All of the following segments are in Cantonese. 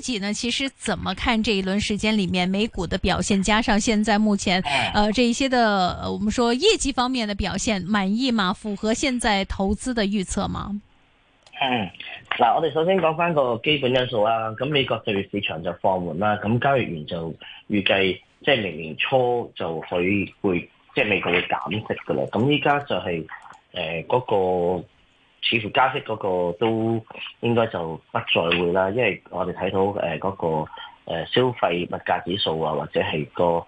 自己呢？其實怎麼看這一輪時間裏面美股的表現？加上現在目前，呃，這一些的，我們說業績方面的表現滿意嗎？符合現在投資的預測嗎？嗯，嗱，我哋首先講翻個基本因素啦。咁美國就業市場就放緩啦。咁交易員就預計，即係明年初就會會，即係、就是、美國會減息噶啦。咁依家就係誒嗰個。似乎加息嗰個都應該就不再會啦，因為我哋睇到誒嗰個消費物價指數啊，或者係個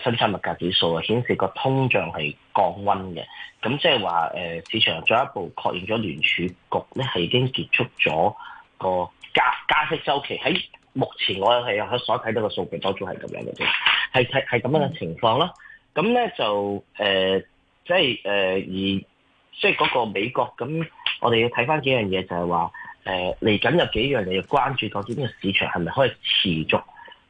生產物價指數啊，顯示個通脹係降溫嘅。咁即係話誒市場進一步確認咗聯儲局咧係已經結束咗個加加息周期。喺目前我係所睇到嘅數據，多數係咁樣嘅啫，係係咁樣嘅情況啦、呃。咁咧就即係、呃、而即係、呃、嗰、呃、個美國咁。我哋要睇翻幾樣嘢，就係、是、話，誒嚟緊有幾樣你要關注，究竟個市場係咪可以持續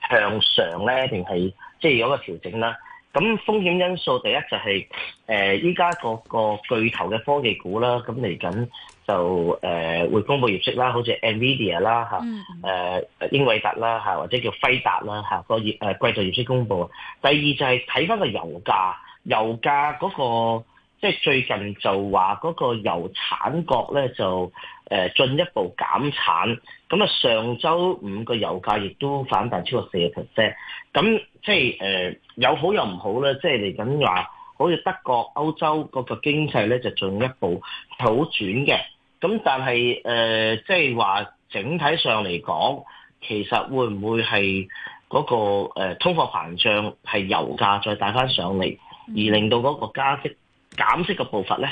向上咧，定係即係有個調整啦？咁風險因素第一就係、是，誒依家嗰個巨頭嘅科技股啦，咁嚟緊就誒、呃、會公布業績啦，好似 Nvidia 啦、嗯、嚇、呃，英偉達啦或者叫輝達啦嚇，那個業誒季度業績公布。第二就係睇翻個油價，油價嗰、那個。即係最近就話嗰個油產國咧就誒進一步減產，咁啊上週五個油價亦都反彈超過四個 percent，咁即係誒有好有唔好呢？即係嚟緊話好似德國歐洲嗰個經濟咧就進一步好轉嘅，咁但係誒即係話整體上嚟講，其實會唔會係嗰個通貨膨脹係油價再帶翻上嚟，而令到嗰個加息？減息嘅步伐咧，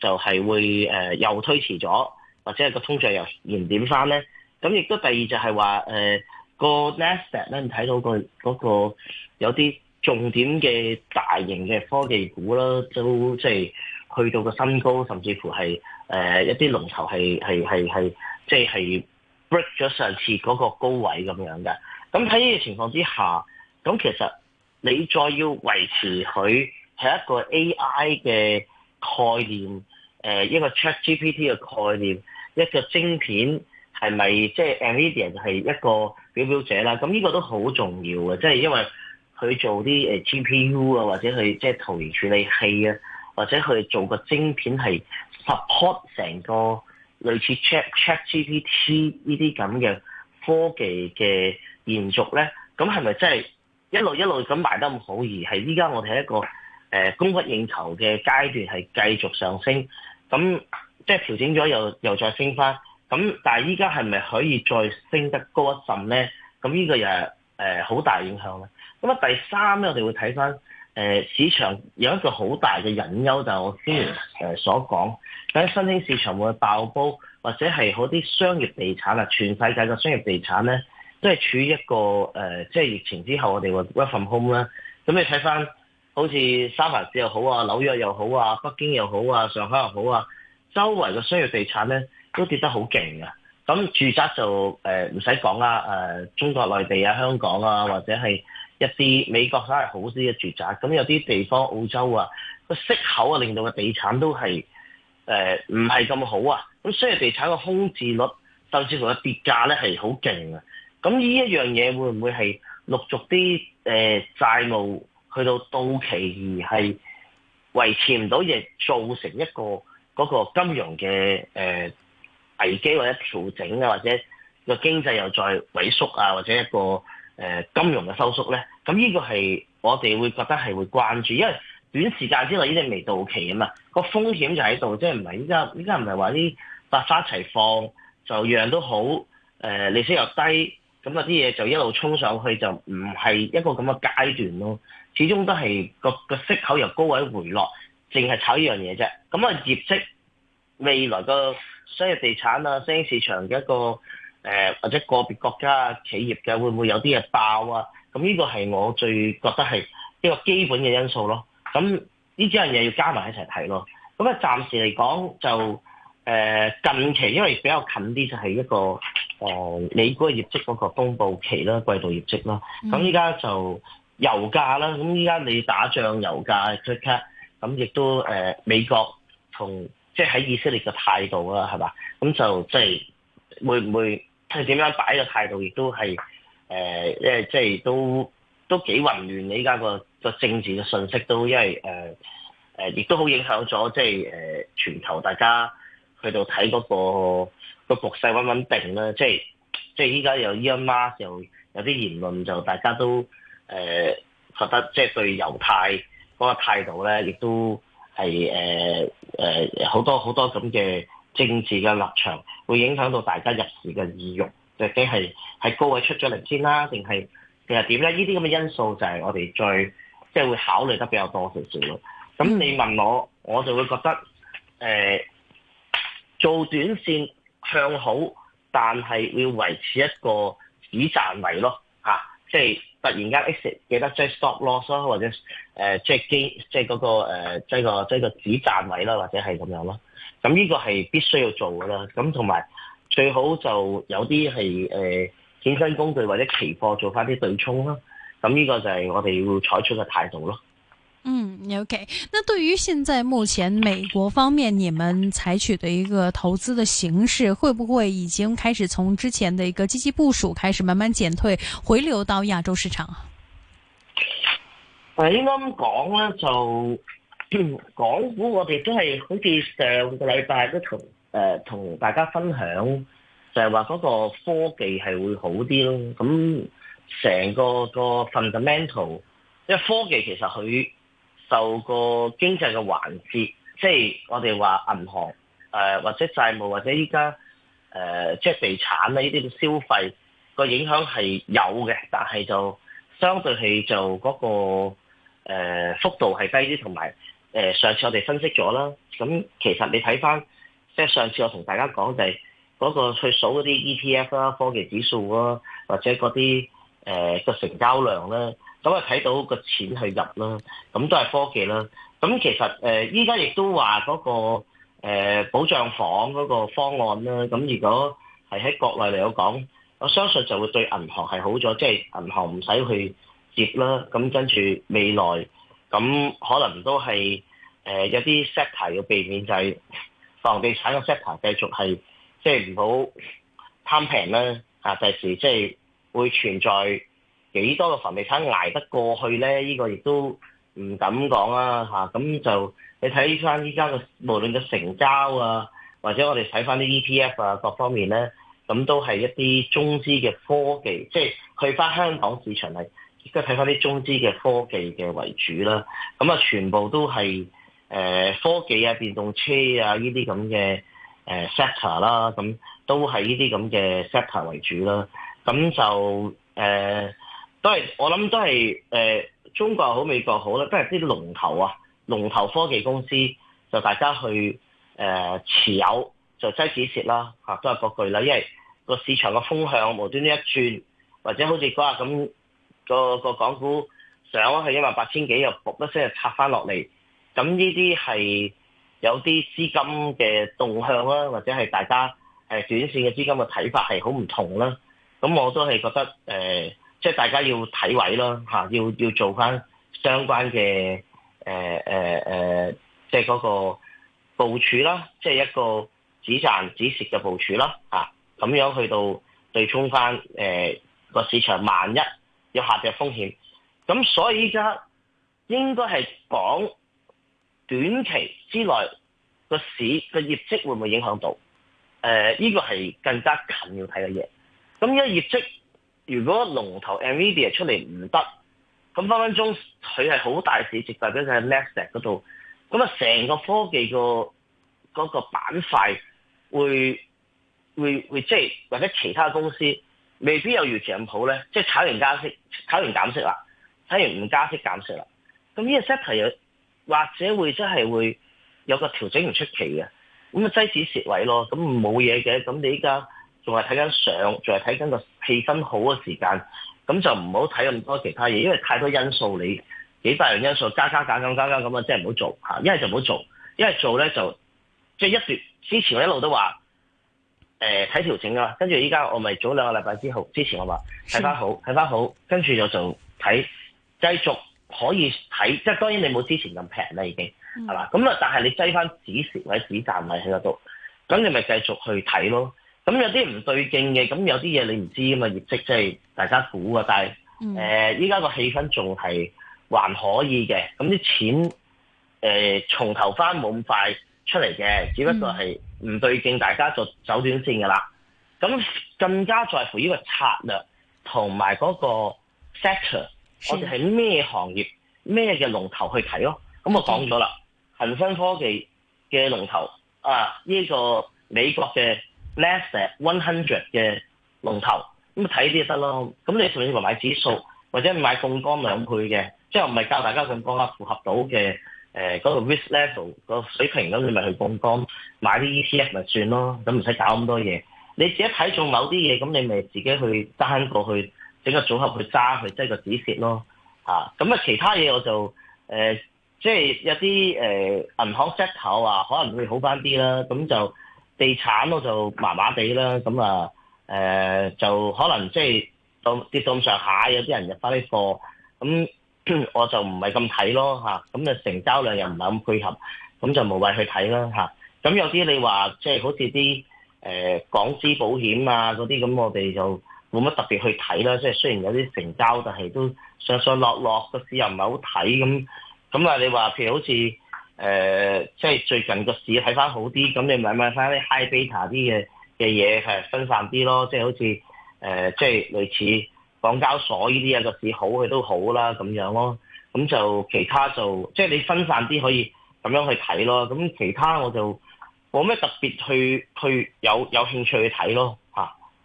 就係、是、會誒、呃、又推遲咗，或者個通脹又延點翻咧。咁亦都第二就係話誒個 Nasdaq 咧，睇到、那個嗰、那個有啲重點嘅大型嘅科技股啦，都即係、就是、去到個新高，甚至乎係誒、呃、一啲龍頭係係係係即係 break 咗上次嗰個高位咁樣嘅。咁喺呢個情況之下，咁其實你再要維持佢。係一個 A.I. 嘅概念，誒一個 Chat GPT 嘅概念，一個晶片係咪即係 NVIDIA 就係一個表表者啦？咁呢個都好重要嘅，即係因為佢做啲誒 G P U 啊，或者佢即係圖形處理器啊，或者佢做個晶片係 support 成個類似 Chat Chat GPT 呢啲咁嘅科技嘅延續咧？咁係咪即係一路一路咁埋得咁好？而係依家我哋係一個。誒、呃、供不應求嘅階段係繼續上升，咁即係調整咗又又再升翻，咁但係依家係咪可以再升得高一陣咧？咁呢個又係好大影響啦。咁啊第三咧，我哋會睇翻誒市場有一個好大嘅隱憂，就係、我之前所講，喺新興市場會爆煲，或者係嗰啲商業地產啊，全世界嘅商業地產咧都係處於一個誒、呃、即係疫情之後我哋話 refund home 啦，咁你睇翻。好似三藩市又好啊，紐約又好啊，北京又好啊，上海又好啊，周圍嘅商業地產咧都跌得好勁啊。咁住宅就誒唔使講啦，誒中國內地啊、香港啊，或者係一啲美國都係好啲嘅住宅。咁有啲地方澳洲啊個息口啊令到個地產都係誒唔係咁好啊。咁商業地產個空置率，甚至乎嘅跌價咧係好勁啊。咁呢一樣嘢會唔會係陸續啲誒、呃、債務？去到到期而係維持唔到，嘢，造成一個嗰個金融嘅誒危機或者調整啊，或者個經濟又再萎縮啊，或者一個誒金融嘅收縮咧。咁呢個係我哋會覺得係會關注，因為短時間之內呢啲未到期啊嘛，個風險就喺度，即係唔係依家依家唔係話啲百花齊放就樣都好誒、呃、利息又低，咁啊啲嘢就一路衝上去，就唔係一個咁嘅階段咯。始終都係個個息口由高位回落，淨係炒呢樣嘢啫。咁啊，咁業績未來個商業地產啊，商業市場嘅一個誒、呃，或者個別國家企業嘅，會唔會有啲嘢爆啊？咁呢個係我最覺得係一個基本嘅因素咯。咁呢幾樣嘢要加埋一齊睇咯。咁啊，暫時嚟講就誒近期，因為比較近啲就係一個誒、呃，你嗰個業績嗰個公布期啦，季度業績啦。咁依家就。嗯油價啦，咁依家你打仗，油價出卡，咁亦都誒、呃、美國同即係喺以色列嘅態度啦，係嘛？咁就即係會唔會即係點樣擺嘅態度，亦、就是、都係誒，即係即係都都幾混亂。依家個個政治嘅信息都因為誒亦、呃、都好影響咗，即係誒全球大家去到睇嗰、那個局勢穩穩穩定啦。即係即係依家有、伊朗嘛，又有啲言論就大家都。誒、呃，覺得即係對猶太嗰個態度咧，亦都係誒誒好多好多咁嘅政治嘅立場，會影響到大家入市嘅意欲，究竟係係高位出咗嚟先啦，定係定係點咧？呢啲咁嘅因素就係我哋最即係會考慮得比較多少少咯。咁你問我，我就會覺得誒、呃，做短綫向好，但係會維持一個止賺位咯。即係突然間 exit 記得即係 stop loss 咯，嗰個呃，或者誒即係基即係嗰個誒即係個即係個止賺位咯，或者係咁樣咯。咁呢個係必須要做噶啦。咁同埋最好就有啲係誒衍生工具或者期貨做翻啲對沖咯。咁呢個就係我哋要採取嘅態度咯。嗯，OK，那對於現在目前美國方面，你們採取的一個投資的形式，會不會已經開始從之前的一個積極部署開始慢慢減退，回流到亞洲市場啊？誒，應該咁講咧，就港股我哋都係好似上個禮拜都同誒同大家分享，就係話嗰個科技係會好啲咯。咁成個個 fundamental，因為科技其實佢。受個經濟嘅環節，即係我哋話銀行、呃、或者債務或者依家、呃、即係地產咧，呢啲消費個影響係有嘅，但係就相對係就嗰、嗰個、呃、幅度係低啲，同埋、呃、上次我哋分析咗啦。咁其實你睇返即係上次我同大家講就係嗰個去數嗰啲 ETF 啦、啊、科技指數啦、啊，或者嗰啲個成交量咧。咁啊睇到個錢去入啦，咁都係科技啦。咁其實誒，依家亦都話嗰個誒保障房嗰個方案啦。咁如果係喺國內嚟講，我相信就會對銀行係好咗，即係銀行唔使去接啦。咁跟住未來，咁可能都係誒有啲 set 牌要避免就係房地產嘅 set 牌繼續係即係唔好貪平啦。啊，第時即係會存在。幾多個房地產捱得過去咧？呢、這個亦都唔敢講啦、啊，咁就你睇翻依家嘅無論嘅成交啊，或者我哋睇翻啲 ETF 啊，各方面咧，咁都係一啲中資嘅科技，即係去翻香港市場係個睇翻啲中資嘅科技嘅為主啦。咁啊，全部都係誒、呃、科技啊、電動車啊呢啲咁嘅 sector 啦，咁都係呢啲咁嘅 sector 為主啦。咁就誒。呃我想都係我諗，都係誒中國好，美國好啦。都係啲龍頭啊，龍頭科技公司就大家去誒、呃、持有，就擠止蝕啦嚇、啊，都係嗰句啦。因為個市場嘅風向無端端一轉，或者好似嗰日咁個個港股上咗係一萬八千幾，又伏得聲又拆翻落嚟，咁呢啲係有啲資金嘅動向啦，或者係大家誒、呃、短線嘅資金嘅睇法係好唔同啦。咁我都係覺得誒。呃即、就、係、是、大家要睇位咯，要要做翻相關嘅誒誒誒，即係嗰個部署啦，即係一個止賺止蝕嘅部署啦。咁樣去到對沖翻誒個市場，萬一有下跌風險，咁所以依家應該係講短期之內個市個業績會唔會影響到？誒、呃，呢個係更加近要睇嘅嘢。咁依家業績。如果龍頭 NVIDIA 出嚟唔得，咁分分鐘佢係好大市值，代表佢喺納斯達克嗰度。咁啊，成個科技個嗰個板塊會會會即係或者其他公司未必有預期咁好咧，即係炒完加息、炒完減息啦，炒完唔加息減息啦。咁呢個 set 又或者會真係會有個調整唔出奇嘅，咁啊，擠止蝕位咯，咁冇嘢嘅，咁你依家。仲係睇緊相，仲係睇緊個氣氛好嘅時間，咁就唔好睇咁多其他嘢，因為太多因素，你幾百樣因素加加減減加加咁啊，即係唔好做嚇。一係就唔好做，一係做咧就，做就即係一段之前我一路都話誒睇調整嘛。跟住依家我咪早兩個禮拜之後，之前我話睇翻好，睇翻好，跟住就就睇繼續可以睇，即係當然你冇之前咁平啦，已經係嘛？咁、嗯、啊，但係你擠翻止蝕位、止賺位喺嗰度，咁你咪繼續去睇咯。咁有啲唔對勁嘅，咁有啲嘢你唔知啊嘛，業績即係大家估啊。但係誒，依家個氣氛仲係還可以嘅。咁啲錢誒，從頭翻冇咁快出嚟嘅，只不過係唔對勁，大家就走短線嘅啦。咁更加在乎呢個策略同埋嗰個 sector，我哋係咩行業、咩嘅龍頭去睇咯、哦。咁我講咗啦，恒生科技嘅龍頭啊，呢、呢個美國嘅。last one hundred 嘅龍頭，咁睇啲就得咯。咁你甚至乎買指數或者買槓桿兩倍嘅，即係我唔係教大家咁講啊，符合到嘅誒嗰個 risk level 個水平咁，你咪去槓桿買啲 ETF 咪算咯。咁唔使搞咁多嘢。你自己睇中某啲嘢，咁你咪自己去單過去整個組合去揸佢、啊呃，即係個指涉咯。嚇、呃，咁啊其他嘢我就誒，即係有啲誒銀行息口啊，可能會好翻啲啦。咁就。地產我就麻麻地啦，咁啊，誒、呃，就可能即係到跌到咁上下，有啲人入翻啲貨，咁我就唔係咁睇咯，吓，咁啊，成交量又唔係咁配合，咁就無謂去睇啦，吓，咁有啲你話即係好似啲誒，港資保險啊嗰啲，咁我哋就冇乜特別去睇啦，即係雖然有啲成交、就是，但係都上上落落，個市又唔係好睇，咁咁啊，你話譬如好似。誒、呃，即係最近個市睇翻好啲，咁你咪買翻啲 high beta 啲嘅嘅嘢係分散啲咯，即係好似誒、呃，即係類似港交所呢啲嘢個市好佢都好啦，咁樣咯。咁就其他就即係你分散啲可以咁樣去睇咯。咁其他我就冇咩特別去去有有興趣去睇咯。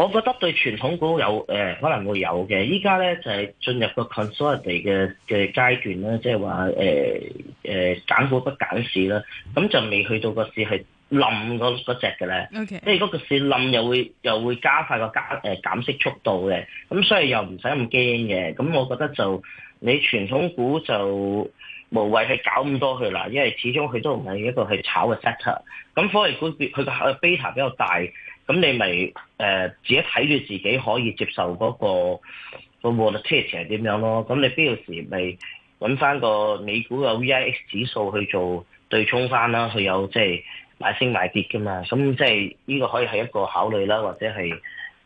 我覺得對傳統股有誒、呃、可能會有嘅，依家咧就係、是、進入個 consolidate 嘅嘅階段啦，即係話誒誒揀股不揀市啦，咁就未去到個市係冧嗰隻嘅咧。OK。即係如果個市冧又會又會加快個加誒減息速度嘅，咁所以又唔使咁驚嘅。咁我覺得就你傳統股就無謂去搞咁多佢啦，因為始終佢都唔係一個去炒嘅 sector。咁科技股佢個 beta 比較大。咁你咪誒、呃、自己睇住自己可以接受嗰、那個、那個波率差池係點樣咯？咁你必要時咪揾翻個美股嘅 VIX 指數去做對沖翻啦？佢有即係買升買跌㗎嘛？咁即係呢個可以係一個考慮啦，或者係、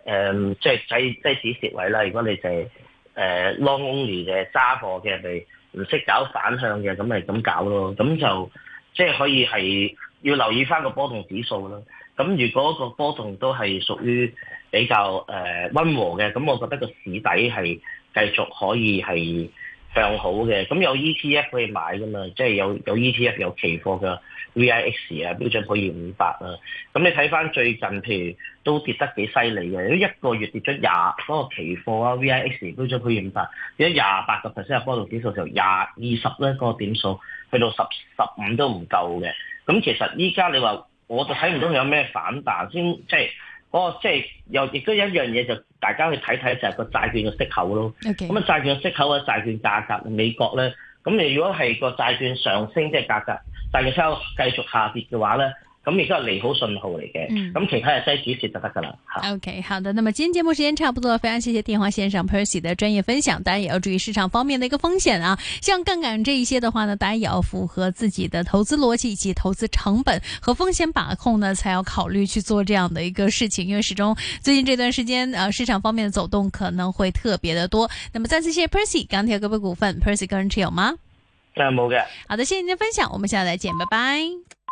呃就是、即係低低市蝕位啦。如果你就係誒 long only 嘅揸貨嘅，咪唔識搞反向嘅，咁咪咁搞咯。咁就即係、就是、可以係要留意翻個波動指數啦。咁如果個波動都係屬於比較誒溫和嘅，咁我覺得個市底係繼續可以係向好嘅。咁有 ETF 可以買噶嘛？即係有有 ETF 有期貨嘅 VIX 啊，標準普爾五百啊。咁你睇翻最近譬如都跌得幾犀利嘅，一個月跌咗廿嗰個期貨啊 VIX 標準普爾五百，只有廿八個 percent 嘅波動指數就廿二十咧個點數，去到十十五都唔夠嘅。咁其實依家你話，我就睇唔到佢有咩反彈先，即係嗰、那個、即係又亦都一樣嘢就大家去睇睇就係、是、個債券嘅息口咯。咁、okay. 啊債券息口嘅債券價格美國咧，咁你如果係個債券上升即係價格，債券息口繼續下跌嘅話咧。咁亦都係利好信號嚟嘅。咁、嗯、其他嘅細節蝕就得噶啦 OK，好的，那麼今天節目時間差不多，非常謝謝電話線上 Percy 的專業分享，大家也要注意市場方面的一個風險啊，像槓桿這一些的話呢，大家也要符合自己的投資邏輯，以及投資成本和風險把控呢，才要考慮去做這樣的一個事情，因為始終最近這段時間啊，市場方面的走動可能會特別的多。那麼再次謝謝 Percy 鋼鐵股份 Percy 個人持有嗎？誒，冇嘅。好的，謝謝您的分享，我們下次再見，拜拜。